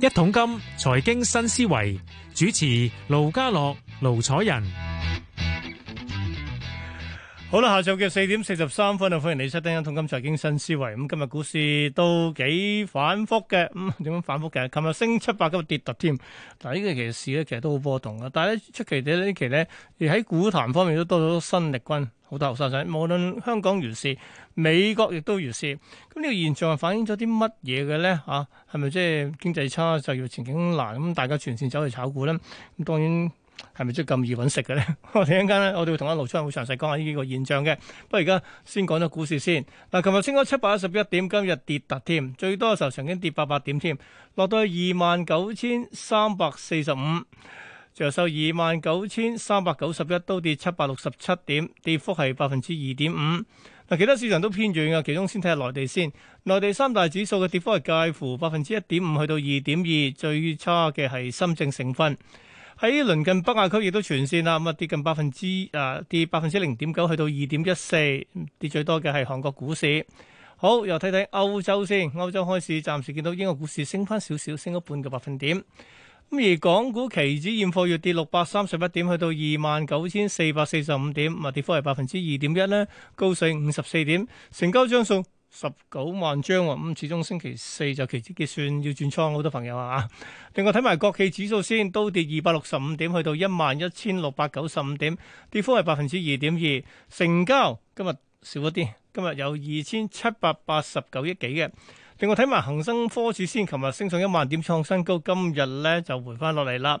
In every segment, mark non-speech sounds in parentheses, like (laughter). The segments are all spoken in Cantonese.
一桶金財經新思維，主持盧家樂、盧彩仁。好啦，下晝嘅四點四十三分啊，歡迎你收聽《通金財經新思維》嗯。咁今日股市都幾反覆嘅，咁、嗯、點樣反覆嘅？琴日升七百，今日跌突添。但係呢個其實市咧，其實都好波動嘅。但係咧，出奇哋呢期咧，而喺股壇方面都多咗新力軍，好多學生仔。無論香港如是，美國亦都如是。咁、這、呢個現象係反映咗啲乜嘢嘅咧？嚇、啊，係咪即係經濟差就業前景難？咁大家全線走去炒股咧？咁當然。係咪即係咁易搵食嘅咧？ (laughs) 我哋一陣間咧，我哋會同阿盧楚仁會詳細講下呢幾個現象嘅。不過而家先講咗股市先。嗱，琴日升咗七百一十一點，今日跌突添，最多嘅時候曾經跌八百點添，落到去二萬九千三百四十五，就收二萬九千三百九十一，都跌七百六十七點，跌幅係百分之二點五。嗱，其他市場都偏軟嘅，其中先睇下內地先。內地三大指數嘅跌幅係介乎百分之一點五去到二點二，最差嘅係深證成分。喺鄰近北亞區亦都全線啦。咁啊跌近百分之啊跌百分之零點九，去到二點一四，跌最多嘅係韓國股市。好，又睇睇歐洲先，歐洲開始暫時見到英國股市升返少少，升咗半個百分點。咁而港股期指現貨月跌六百三十一點，去到二萬九千四百四十五點，啊跌幅係百分之二點一咧，高水五十四點，成交張數。十九萬張，咁始終星期四就期指結算要轉倉，好多朋友啊！另外睇埋國企指數先，都跌二百六十五點，去到一萬一千六百九十五點，跌幅係百分之二點二。成交今日少咗啲，今日有二千七百八十九億幾嘅。另外睇埋恒生科指先，琴日升上一萬點創新高，今日咧就回翻落嚟啦。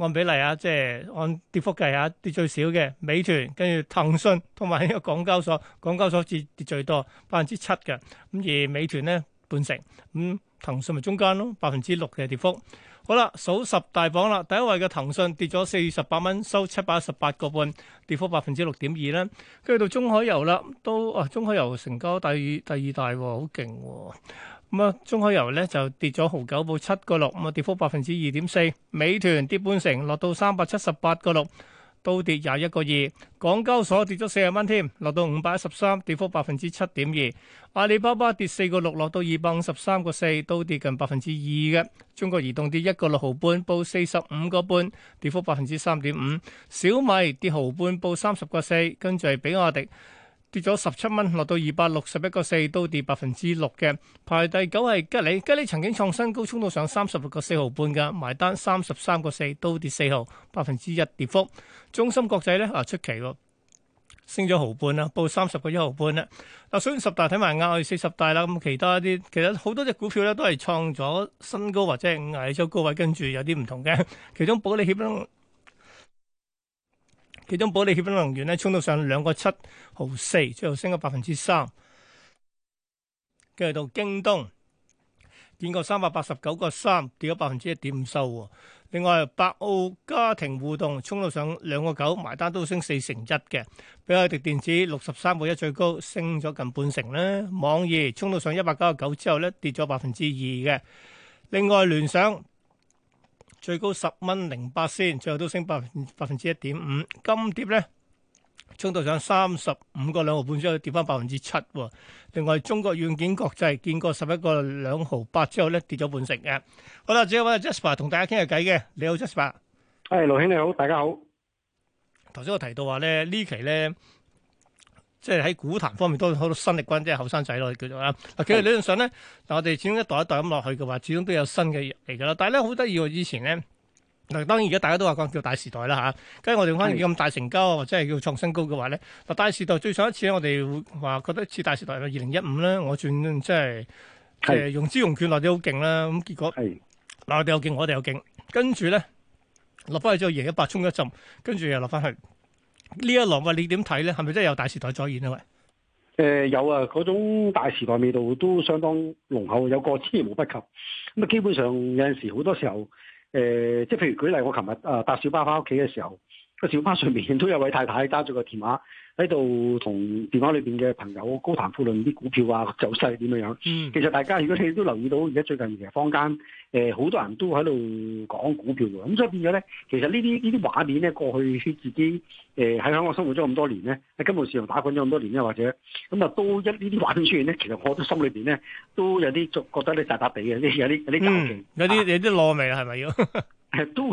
按比例啊，即係按跌幅計啊，跌最少嘅美團，跟住騰訊，同埋呢個港交所，港交所跌跌最多，百分之七嘅。咁而美團咧半成，咁、嗯、騰訊咪中間咯，百分之六嘅跌幅。好啦，數十大榜啦，第一位嘅騰訊跌咗四十八蚊，收七百一十八個半，跌幅百分之六點二啦。跟住到中海油啦，都啊中海油成交第二第二大喎，好勁喎。咁啊，中海油咧就跌咗毫九報七個六，咁啊跌幅百分之二點四。美團跌半成，落到三百七十八個六，都跌廿一個二。港交所跌咗四十蚊添，落到五百一十三，跌幅百分之七點二。阿里巴巴跌四個六，落到二百五十三個四，都跌近百分之二嘅。中國移動跌一個六毫半，報四十五個半，跌幅百分之三點五。小米跌毫半，報三十個四，跟住係比亞迪。跌咗十七蚊，落到二百六十一個四，都跌百分之六嘅。排第九係吉利，吉利曾經創新高，衝到上三十六個四毫半嘅，埋單三十三個四，都跌四毫，百分之一跌幅。中心國際咧啊，出奇喎，升咗毫半啦，報三十個一毫半啦。嗱、啊，所以十大睇埋啱，我哋四十大啦，咁其他啲其實好多隻股票咧都係創咗新高或者係挨咗高位，跟住有啲唔同嘅。其中保利協其中保利協鑫能源咧衝到上兩個七毫四，最後升咗百分之三。跟住到京東，見過三百八十九個三，跌咗百分之一點五收喎。另外百奧家庭互動衝到上兩個九，埋單都升四成一嘅。比亞迪電子六十三個一最高，升咗近半成咧。網易衝到上一百九十九之後咧，跌咗百分之二嘅。另外聯想，最高十蚊零八先，最後都升百分百分之一點五。金碟咧衝到上三十五個兩毫半之後，跌返百分之七。另外中國軟件國際見過十一個兩毫八之後咧，跌咗半成嘅。好啦，最後揾阿 Jasper 同大家傾下偈嘅，你好 Jasper。係 Jas，盧兄你好，大家好。頭先我提到話咧呢期咧。即係喺股壇方面，都好多新力軍，即係後生仔咯，我叫做啦。其實理論上咧，嗱是我哋始終一代一代咁落去嘅話，始終都有新嘅入嚟嘅啦。但係咧好得意喎，以前咧嗱，當然而家大家都話講叫大時代啦吓，跟、啊、住我哋翻咁大成交，或者係叫創新高嘅話咧，是但大時代最上一次我哋會話覺得似大時代嘅二零一五咧，我轉即係誒融資融券嗰啲好勁啦。咁、就是、結果嗱是，我哋有勁，我哋有勁，跟住咧落翻去之後，贏一百衝一陣，跟住又落翻去。呢一浪啊你點睇咧？係咪真係有大時代再現啊喂，誒、呃、有啊，嗰種大時代味道都相當濃厚，有過之而無不及。咁啊，基本上有陣時好多時候，誒、呃，即係譬如舉例我，我琴日啊搭小巴翻屋企嘅時候，個小巴上面都有位太太揸住個電話喺度同電話裏邊嘅朋友高談闊論啲股票啊，走勢點樣樣。其實大家如果你都留意到，而家最近其實坊間誒好多人都喺度講股票喎。咁所以變咗咧，其實呢啲呢啲畫面咧，過去自己誒喺香港生活咗咁多年咧，喺金融市場打滾咗咁多年咧，或者咁啊，都一呢啲畫面出現咧，其實我都心裏邊咧都有啲覺得你扎扎地嘅，有啲有啲有啲有啲有啲攞味啦，係 (noise) 咪 (noise) 其都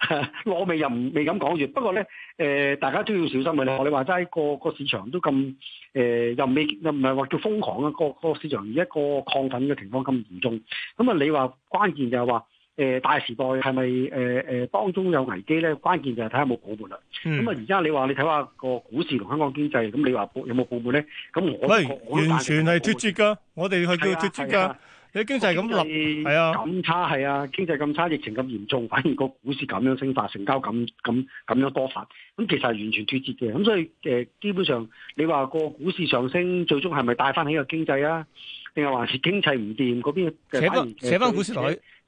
(laughs) 我未又唔未敢講住，不過咧，誒、呃，大家都要小心嘅。我你我你話齋個個市場都咁，誒、呃，又未又唔係話叫瘋狂啊。個個市場而一個亢奮嘅情況咁嚴重，咁啊，你話關鍵就係話，誒，大時代係咪，誒，誒，當中有危機咧？關鍵就係睇下冇泡沫啦。咁啊、嗯，而家你話你睇下個股市同香港經濟，咁你話有冇泡沫咧？咁我，喂我，我完全係脫節噶，我哋係叫脫節噶。你經濟咁落，係啊，咁差係啊，經濟咁差，疫情咁嚴重，反而個股市咁樣升發，成交咁咁咁樣多發，咁其實係完全脫節嘅。咁所以誒，基本上你話個股市上升，最終係咪帶翻起個經濟啊？定係還是經濟唔掂嗰邊嘅？寫翻寫翻股市女。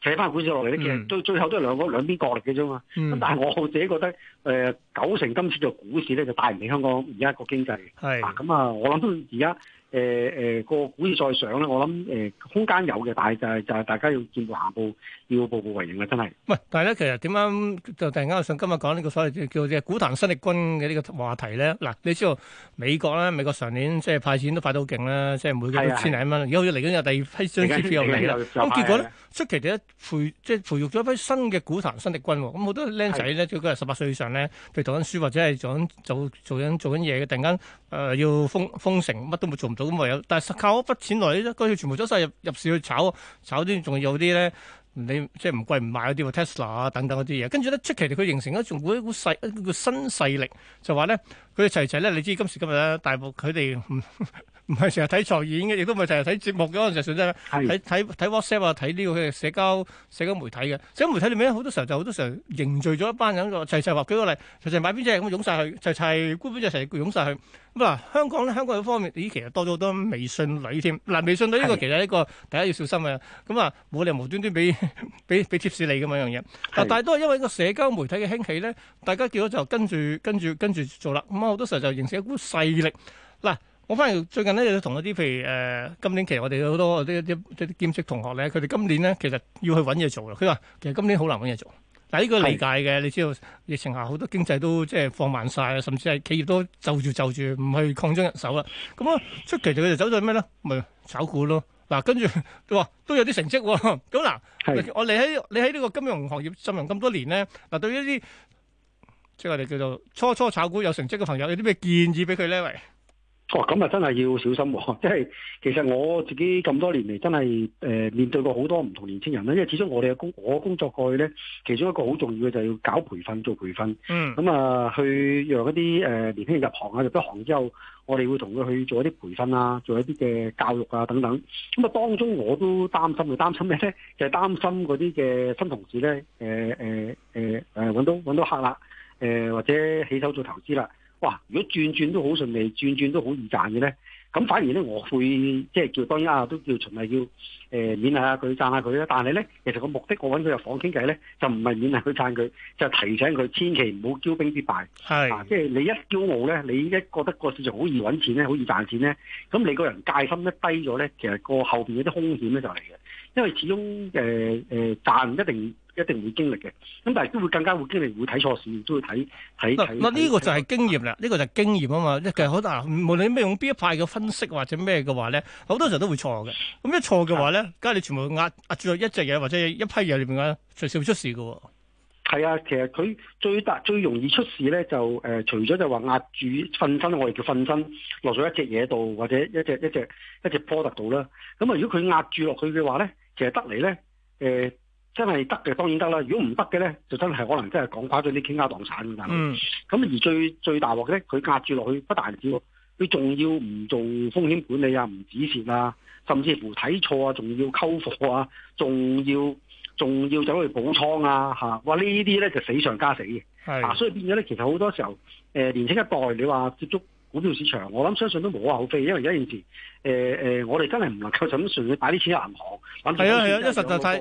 扯翻股市落嚟咧，其實到最後都係兩個兩邊角力嘅啫嘛。咁但係我自己覺得，誒九成今次嘅股市咧就帶唔起香港而家個經濟。係啊咁啊，我諗都而家誒誒個股市再上咧，我諗誒空間有嘅，但係就係就係大家要見到行步要步步為營啦，真係。喂，但係咧其實點樣就突然間我想今日講呢個所謂叫嘅股壇新力軍嘅呢個話題咧？嗱，你知道美國咧，美國上年即係派錢都派到好勁啦，即係每個一千零蚊。而家好似嚟緊有第二批新司機又嚟啦。咁結果咧，出奇地咧。培即係培育咗一批新嘅股壇新力軍，咁好多僆仔咧，佢係十八歲以上咧，譬如讀緊書或者係做緊做做緊做緊嘢嘅，突然間誒、呃、要封封城，乜都冇做唔到咁啊有，但係靠一筆錢來咧，嗰啲全部走晒入入市去炒，炒啲仲有啲咧，你即係唔貴唔買嗰啲喎 Tesla 啊等等嗰啲嘢，跟住咧出奇地佢形成一種一股一股勢一股新勢力，就話咧佢齊齊咧，你知今時今日咧，大部佢哋。 (laughs) 唔係成日睇財演嘅，亦都唔係成日睇節目嘅嗰陣時，所以咧睇睇睇 WhatsApp 啊，睇呢個嘅社交社交媒體嘅社交媒體裏面咧，好多時候就好多時候凝聚咗一班人喺度齊齊話舉個例，齊齊買邊隻咁湧晒去，齊齊 group 邊隻齊湧曬去咁嗱。香港咧，香港有方面咦，其實多咗好多微信女添嗱，微信女呢個其實一個大家要小心嘅咁啊，冇理由無端端俾俾俾貼士你咁樣樣嘢，但係都係因為個社交媒體嘅興起咧，大家結果就跟住跟住跟住做啦。咁啊，好多時候就形成一股勢力嗱。我反而最近咧，又同嗰啲，譬如誒，今年期我哋好多啲啲啲兼職同學咧，佢哋今年咧，其實要去揾嘢做啦。佢話其實今年好難揾嘢做，但係呢個理解嘅，你知道疫情下好多經濟都即係放慢曬，甚至係企業都就住就住唔去擴張人手啦。咁啊，出奇哋佢哋走咗咩咧？咪炒股咯。嗱，跟住都話都有啲成績。咁嗱，我哋你喺你喺呢個金融行業浸淫咁多年咧，嗱，對於一啲即係我哋叫做初初炒股有成績嘅朋友，有啲咩建議俾佢咧？喂？哦，咁啊，真係要小心喎、哦！即、就、係、是、其實我自己咁多年嚟，真係誒面對過好多唔同年青人啦。因為始終我哋嘅工，我工作過去咧，其中一個好重要嘅就係要搞培訓，做培訓。嗯。咁啊、嗯呃，去讓一啲誒、呃、年輕人入行啊，入咗行之後，我哋會同佢去做一啲培訓啊，做一啲嘅教育啊等等。咁、嗯、啊，當中我都擔心嘅，擔心咩咧？就係、是、擔心嗰啲嘅新同事咧，誒誒誒誒揾到揾到客啦，誒、呃、或者起手做投資啦。哇！如果轉轉都好順利，轉轉都好易賺嘅咧，咁反而咧我會即係叫，叫，當然啊都叫循例，要、呃、誒勉勵下佢讚下佢啦。但係咧，其實個目的我揾佢入房傾偈咧，就唔係勉勵佢讚佢，就係提醒佢千祈唔好驕兵必敗。係是、啊，即係你一驕傲咧，你一覺得個市場好易揾錢咧，好易賺錢咧，咁你個人戒心一低咗咧，其實個後邊嗰啲風險咧就嚟嘅。因為始終誒誒、呃呃、賺一定。一定會經歷嘅，咁但係都會更加會經歷，會睇錯事，都會睇睇睇。呢、啊這個就係經驗啦，呢、啊、個就係經驗啊嘛，嗯、即係好大。無論咩用邊一派嘅分析或者咩嘅話咧，好多時候都會錯嘅。咁一錯嘅話咧，咁你、嗯、全部壓壓住一隻嘢或者一批嘢入邊咧，隨時會出事嘅喎。係啊、嗯，其實佢最大最容易出事咧，就誒、嗯、除咗就話壓住瞓身，我哋叫瞓身落咗一隻嘢度，或者一隻一隻一隻 port 度啦。咁啊，如果佢壓住落去嘅話咧，其實得嚟咧誒。真係得嘅，當然得啦。如果唔得嘅咧，就真係可能真係講垮咗啲傾家蕩產㗎啦。咁、嗯、而最最大鑊嘅咧，佢壓住落去不但止，佢仲要唔做風險管理啊，唔止蝕啊，甚至乎睇錯啊，仲要溝貨啊，仲要仲要走去補倉啊，嚇！哇！呢啲咧就是、死上加死嘅。係是。啊，所以變咗咧，其實好多時候，誒、呃、年輕一代你話接觸。股票市場，我諗相信都冇可厚非，因為而家現時，誒、呃、誒、呃，我哋真係唔能夠咁純去擺啲錢喺銀行。係啊係啊，一實在睇，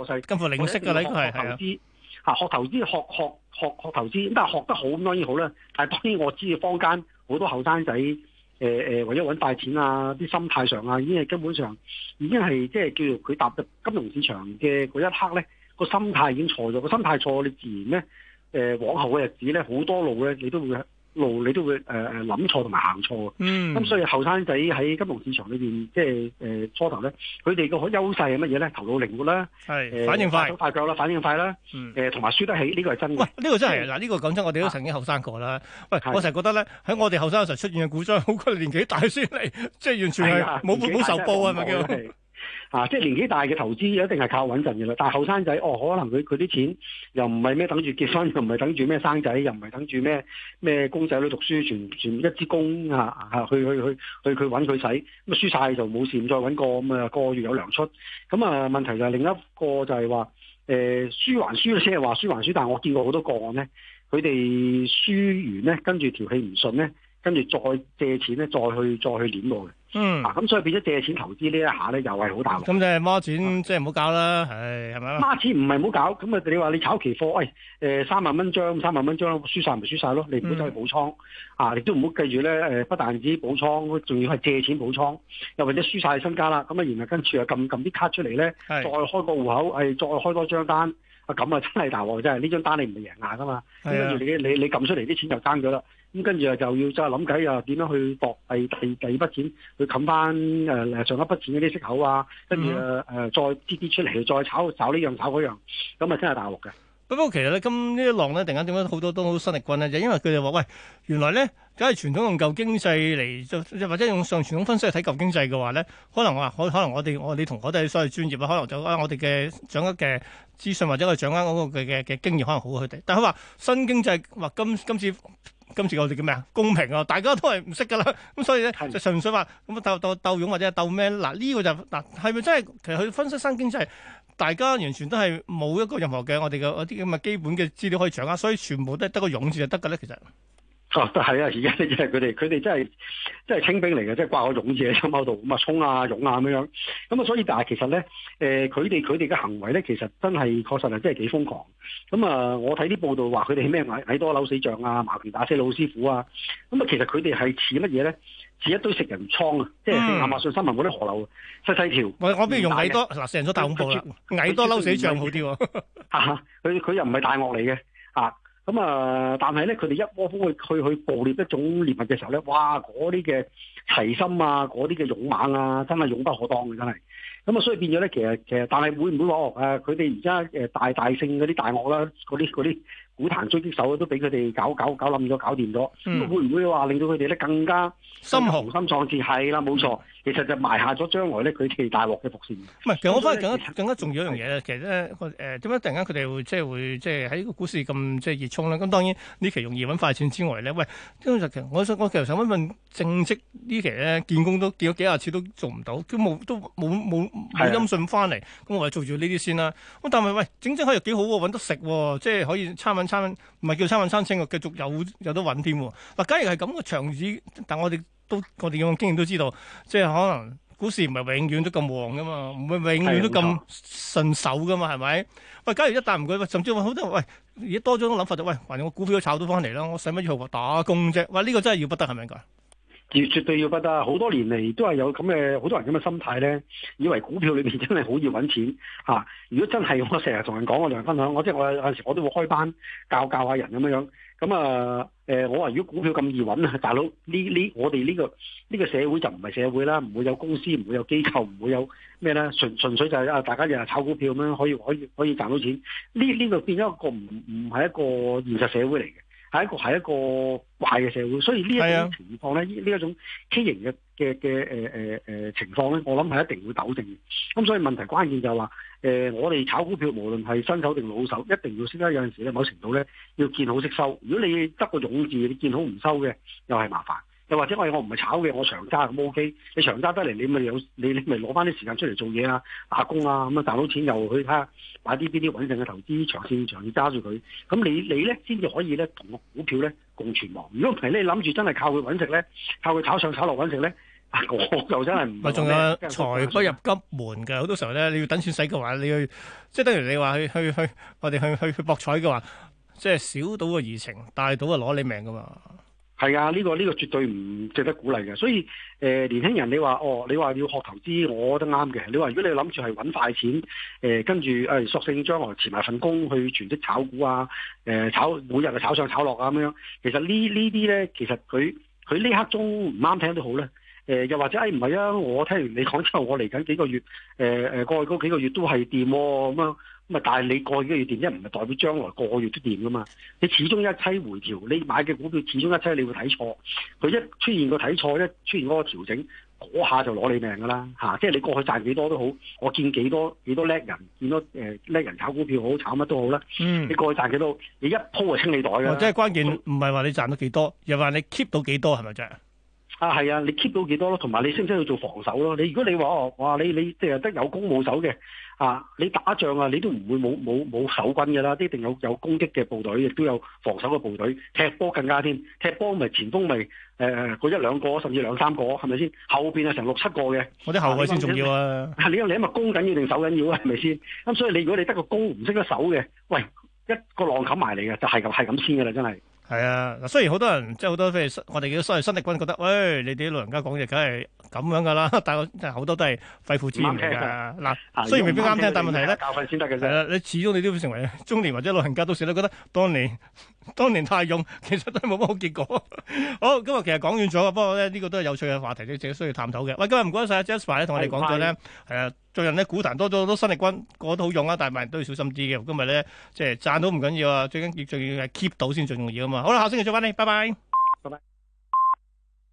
我識嘅你學投資，嚇學投資學學學學投資，咁但係學得好咁當然好啦。但係當然我知道坊間好多後生仔，誒、呃、誒，為咗揾大錢啊，啲心態上啊，已經係根本上已經係即係叫做佢踏入金融市場嘅嗰一刻咧，個心態已經錯咗。個心態錯，你自然咧誒、呃、往後嘅日子咧好多路咧你都會。路你都會誒，誒諗錯同埋行錯，嗯，咁所以後生仔喺金融市場裏邊，即係誒、呃、初頭咧，佢哋個優勢係乜嘢咧？頭腦靈活啦，係反應快，手快腳啦，反應快啦，誒同埋輸得起，呢、這個係真嘅，這個是。喂，呢個真係嗱，呢個講真，我哋都曾經後生過啦。喂，我成日覺得咧，喺是我哋後生嗰時出現嘅股災，好 (laughs) 過年紀大先嚟，即係完全係冇冇受報係咪叫？哎呀 (laughs) 啊！即係年紀大嘅投資一定係靠穩陣嘅啦，但係後生仔哦，可能佢佢啲錢又唔係咩等住結婚，又唔係等住咩生仔，又唔係等住咩咩公仔去讀書，全全一支公吓吓、啊、去去去去去揾佢使，咁啊輸晒就冇事，再揾個咁啊個月有糧出，咁啊問題就係另一個就係話誒輸還輸，即係話輸還輸，但係我見過好多個案咧，佢哋輸完咧，跟住條氣唔順咧，跟住再借錢咧，再去再去輾過嘅。嗯，嗱咁、啊、所以變咗借錢投資一呢一下咧，又係好大鑊。咁即係孖錢，即係唔好搞啦，誒係咪啊？孖錢唔係唔好搞，咁啊你話你炒期貨，誒誒三萬蚊張，三萬蚊張輸晒咪輸晒咯，你唔好走去補倉啊！你都唔好記住咧誒，不但止補倉，仲要係借錢補倉，又或者輸晒身家啦，咁啊然後跟住又撳撳啲卡出嚟咧，再開個戶口，誒再開多張單啊！咁啊真係大鑊真係，呢張單你唔係贏硬噶嘛，跟住你你你撳出嚟啲錢就爭咗啦。咁跟住啊，嗯嗯嗯，就要即係諗計啊，點樣去搏係第二第二第二筆錢，去冚翻誒上上一筆錢嗰啲息口啊。跟住誒誒，再擠啲出嚟，再炒炒呢樣炒嗰樣，咁啊真係大鑊嘅。不過、嗯、其實咧，今呢一浪咧，突然間點解好多都好新力軍咧，就因為佢哋話喂，原來咧，梗係傳統用舊經濟嚟，或者用上傳統分析去睇舊經濟嘅話咧，可能我可可能我哋我你同我哋所謂專業啊，可能就握我哋嘅掌握嘅資訊或者我掌握嗰個嘅嘅嘅經驗，可能好過佢哋。但係佢話新經濟話今今次。今次今次我哋叫咩啊？公平啊！大家都係唔識噶啦，咁所以咧的就純粹話咁鬥鬥鬥勇或者鬥咩？嗱呢，呢個就嗱，係咪真係其實佢分析新經濟，就是，大家完全都係冇一個任何嘅我哋嘅啲咁嘅基本嘅資料可以掌握，所以全部都係得個勇字就得嘅咧，其實。哦，都係啊！而家啲真係佢哋，佢哋真係真係清兵嚟嘅，即係掛個勇字喺心口度咁啊，衝啊，勇啊咁樣。咁啊，所以但係其實咧，誒佢哋佢哋嘅行為咧，其實真係確實係真係幾瘋狂。咁啊，我睇啲報道話佢哋係咩啊，蟻多摟死象啊，亂拳打死老師傅啊。咁啊，其實佢哋係似乜嘢咧？似一堆食人鯧啊，即係亞馬遜森林嗰啲河流細細條。我我邊用蟻多嗱，食人咗大恐怖啦！蟻多摟死象好啲喎，佢佢又唔係大鱷嚟嘅嚇。咁啊、嗯！但係咧，佢哋一窩蜂去去去捕獵一種獵物嘅時候咧，哇！嗰啲嘅齊心啊，嗰啲嘅勇猛啊，真係勇不可當嘅，真係。咁、嗯、啊，所以變咗咧，其實其實，但係會唔會話哦？佢哋而家誒大大聖嗰啲大鱷啦，嗰啲嗰啲古壇狙擊手都俾佢哋搞搞搞冧咗，搞掂咗。嗯。會唔會話令到佢哋咧更加心雄心壯志？係啦，冇錯。嗯。其實就埋下咗將來咧，佢哋大鑊嘅伏線。唔係，其實我覺得更加、嗯、更加重要一樣嘢咧，的其實咧，誒點解突然間佢哋會即係會即係喺個股市咁即係熱衷咧？咁當然呢期容易揾快錢之外咧，喂，其實我想我其實想問問正職呢期咧，見工都見咗幾廿次都做唔到，都冇都冇冇冇音訊翻嚟，咁的我哋做住呢啲先啦。咁但係喂，整整可以幾好喎，揾得食喎，即係可以餐揾餐，唔係叫餐揾餐清喎，繼續有有得揾添。嗱，假如係咁嘅場子，但我哋。都我哋咁嘅經驗都知道，即係可能股市唔係永遠都咁旺㗎嘛，唔會永遠都咁順手㗎嘛，係咪的？吧喂，假如一旦唔到，甚至話好多，喂，而家多咗種諗法就喂，反正我股票炒都炒到翻嚟啦，我使乜要話打工啫？喂，呢、這個真係要不得，係咪應該？絕絕對要不得，好多年嚟都係有咁嘅好多人咁嘅心態咧，以為股票裏邊真係好易揾錢嚇、啊。如果真係我成日同人講，我成日分享，我即係我有陣時我都會開班教教下人咁樣。咁啊誒、呃，我話如果股票咁易揾啊，大佬呢呢，我哋呢、呢個呢、呢個社會就唔係社會啦，唔會有公司，唔會有機構，唔會有咩咧，純純粹就係啊大家日日炒股票咁樣可以可以可以賺到錢。呢呢個變咗一個唔唔係一個現實社會嚟嘅。係一個係一個壞嘅社會，所以呢一種情況咧，呢呢的一種畸形嘅嘅嘅誒誒誒情況咧，我諗係一定會糾正嘅。咁、嗯、所以問題關鍵就係、是、話，誒、呃、我哋炒股票，無論係新手定老手，一定要識得有陣時咧，某程度咧要見好識收。如果你得個勇字，你見好唔收嘅，又係麻煩。又或者我我唔係炒嘅，我長揸咁 OK 你。你長揸得嚟，你咪有你你咪攞翻啲時間出嚟做嘢啊，打工啊咁啊賺到錢又去睇下買啲啲啲穩陣嘅投資，長線長線揸住佢。咁你你咧先至可以咧同個股票咧共存亡。如果唔係咧，你諗住真係靠佢揾食咧，靠佢炒上炒落揾食咧，我就真係唔～咪仲有財、啊、不，不入急門嘅，好多時候咧，你要等錢使嘅話，你去即係等如你話去去去，我哋去去，去，去，去，去，去，去博彩嘅話，即係小賭嘅怡情，大賭啊攞你命㗎嘛～係啊，呢個呢個絕對唔值得鼓勵嘅。所以，誒，年輕人，你話哦，你話要學投資，我都啱嘅。你話如果你諗住係搵快錢，誒，跟住誒索性將來辭埋份工去全職炒股啊，誒，炒每日啊炒上炒落啊咁樣。其實呢呢啲咧，其實佢佢呢刻鐘唔啱聽都好咧。誒，又或者誒，唔、哎、係啊，我聽完你講之後，我嚟緊幾個月，誒、呃、誒，過去嗰幾個月都係掂咁樣，咁啊，但係你過去幾個月掂，一唔係代表將來個月都掂噶嘛？你始終一妻回調，你買嘅股票始終一妻你會睇錯，佢一出現個睇錯一出現嗰個調整，嗰下就攞你命噶啦吓！即、啊、係、就是、你過去賺幾多都好，我見幾多幾多叻人，見到誒叻、呃、人炒股票好，炒乜都好啦。嗯、你過去賺幾多，你一鋪就清理袋、嗯、你袋啦。即係關鍵唔係話你賺得幾多，又話你 keep 到幾多係咪啫？啊，係啊，你 keep 到幾多咯？同埋你識唔識去做防守咯？你如果你話哦，哇，你你即係得有攻冇守嘅，啊，你打仗啊，你都唔會冇冇冇守軍嘅啦，一定有有攻擊嘅部隊，亦都有防守嘅部隊。踢波更加添，踢波咪前鋒咪誒嗰一兩個，甚至兩三個，係咪先？後邊啊成六七個嘅，嗰啲後衞先重要啊！你你係咪攻緊要定守緊要啊？係咪先？咁，啊，所以你如果你得個攻唔識得守嘅，喂一,一個浪冚埋嚟嘅，就係咁係咁先嘅啦，真係。係啊，嗱，雖然好多人即係好多，譬如我哋叫所謂新力軍覺得，喂，你哋啲老人家講嘢，梗係～咁樣噶啦，但係好多都係肺腑之言噶。嗱，啊、雖然未必啱聽，聽但問題咧，教訓先得嘅啫。你始終你都要成為中年或者老人家，到時都覺得當年當年太用，其實都冇乜好結果。 (laughs) 好，今日其實講完咗，不過咧呢個都係有趣嘅話題，你自己需要探討嘅。喂，今日唔該晒 Jasper 同我哋講咗咧，誒、啊，最近咧股壇多咗好多新力軍，過得好用啊，但係萬人都要小心啲嘅。今日咧即係賺到唔緊要啊，最緊要最重要係 keep 到先最重要啊嘛。好啦，下星期再翻嚟，拜拜。